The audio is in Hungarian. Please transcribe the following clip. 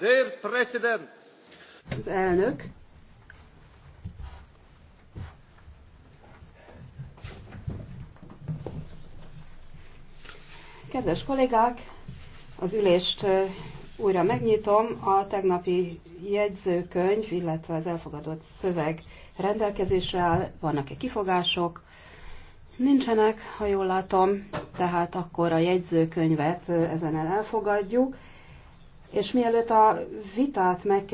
Dear President! Az elnök. Kedves kollégák, az ülést újra megnyitom a tegnapi jegyzőkönyv, illetve az elfogadott szöveg rendelkezésre áll. Vannak-e kifogások? Nincsenek, ha jól látom, tehát akkor a jegyzőkönyvet eh, ezen el elfogadjuk. És mielőtt a vitát meg